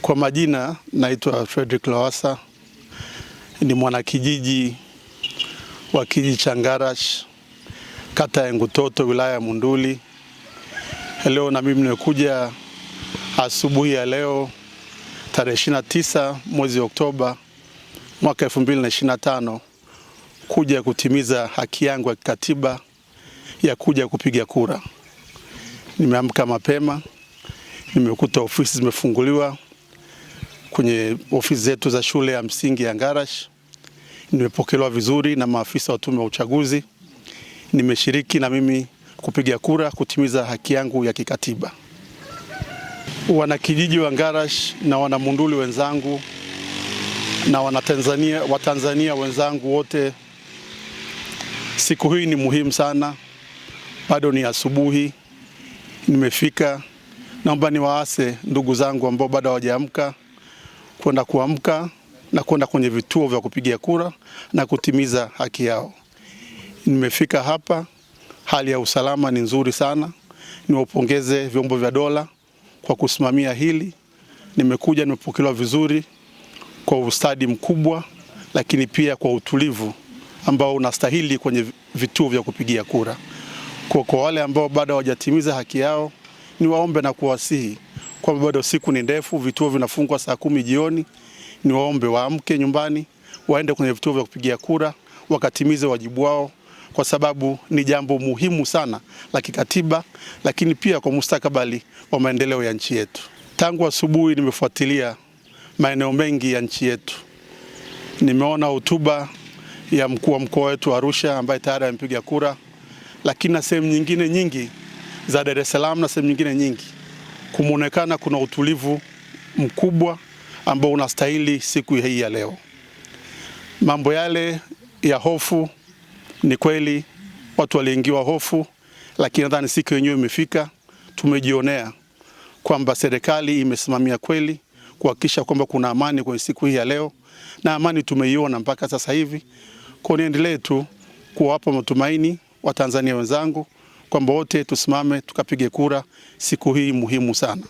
Kwa majina naitwa Frederick lawasa ni mwanakijiji wa kijiji cha Ngarash, kata ya Ngutoto, wilaya ya Munduli. Leo na mimi nimekuja asubuhi ya leo tarehe 29 mwezi Oktoba mwaka 2025 kuja kutimiza haki yangu ya kikatiba ya kuja kupiga kura. Nimeamka mapema, nimekuta ofisi zimefunguliwa kwenye ofisi zetu za shule ya msingi ya Ngarash. Nimepokelewa vizuri na maafisa wa tume wa uchaguzi. Nimeshiriki na mimi kupiga kura kutimiza haki yangu ya kikatiba. Wanakijiji wa Ngarash na wanamunduli wenzangu na wanatanzania watanzania wenzangu wote, siku hii ni muhimu sana. Bado ni asubuhi, nimefika. Naomba niwaase ndugu zangu ambao bado hawajaamka kwenda kuamka na kwenda kwenye vituo vya kupigia kura na kutimiza haki yao. Nimefika hapa, hali ya usalama ni nzuri sana. Niwapongeze vyombo vya dola kwa kusimamia hili. Nimekuja nimepokelewa vizuri kwa ustadi mkubwa, lakini pia kwa utulivu ambao unastahili kwenye vituo vya kupigia kura. Kwa kwa wale ambao bado hawajatimiza haki yao, niwaombe na kuwasihi kwamba bado siku ni ndefu, vituo vinafungwa saa kumi jioni. Ni waombe waamke nyumbani, waende kwenye vituo vya kupigia kura, wakatimize wajibu wao, kwa sababu ni jambo muhimu sana la kikatiba, lakini pia kwa mustakabali wa maendeleo ya nchi yetu. Tangu asubuhi nimefuatilia maeneo mengi ya nchi yetu, nimeona hotuba ya mkuu wa mkoa wetu Arusha ambaye tayari amepiga kura, lakini na sehemu nyingine nyingi za Dar es Salaam na sehemu nyingine nyingi kumonekana kuna utulivu mkubwa ambao unastahili siku hii ya leo. Mambo yale ya hofu, ni kweli watu waliingiwa hofu, lakini nadhani siku yenyewe imefika, tumejionea kwamba serikali imesimamia kweli kuhakikisha kwamba kuna amani kwenye siku hii ya leo, na amani tumeiona mpaka sasa hivi. Kwa niendelee tu kuwapa matumaini Watanzania wenzangu kwamba wote tusimame tukapige kura siku hii muhimu sana.